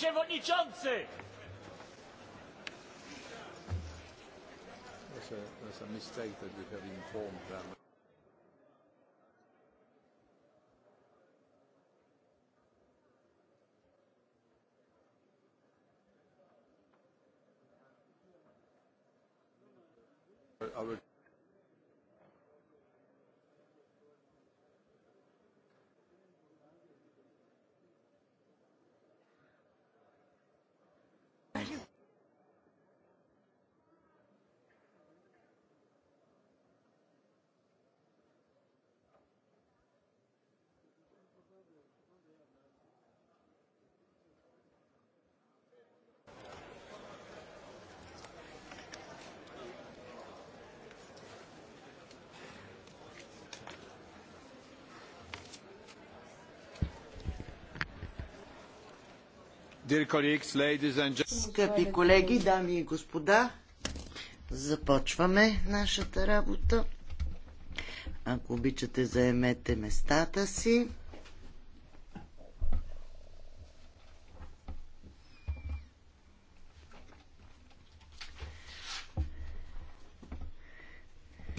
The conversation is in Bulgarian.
przewodniczący! That's a, Our Скъпи колеги, дами и господа, започваме нашата работа. Ако обичате, заемете местата си.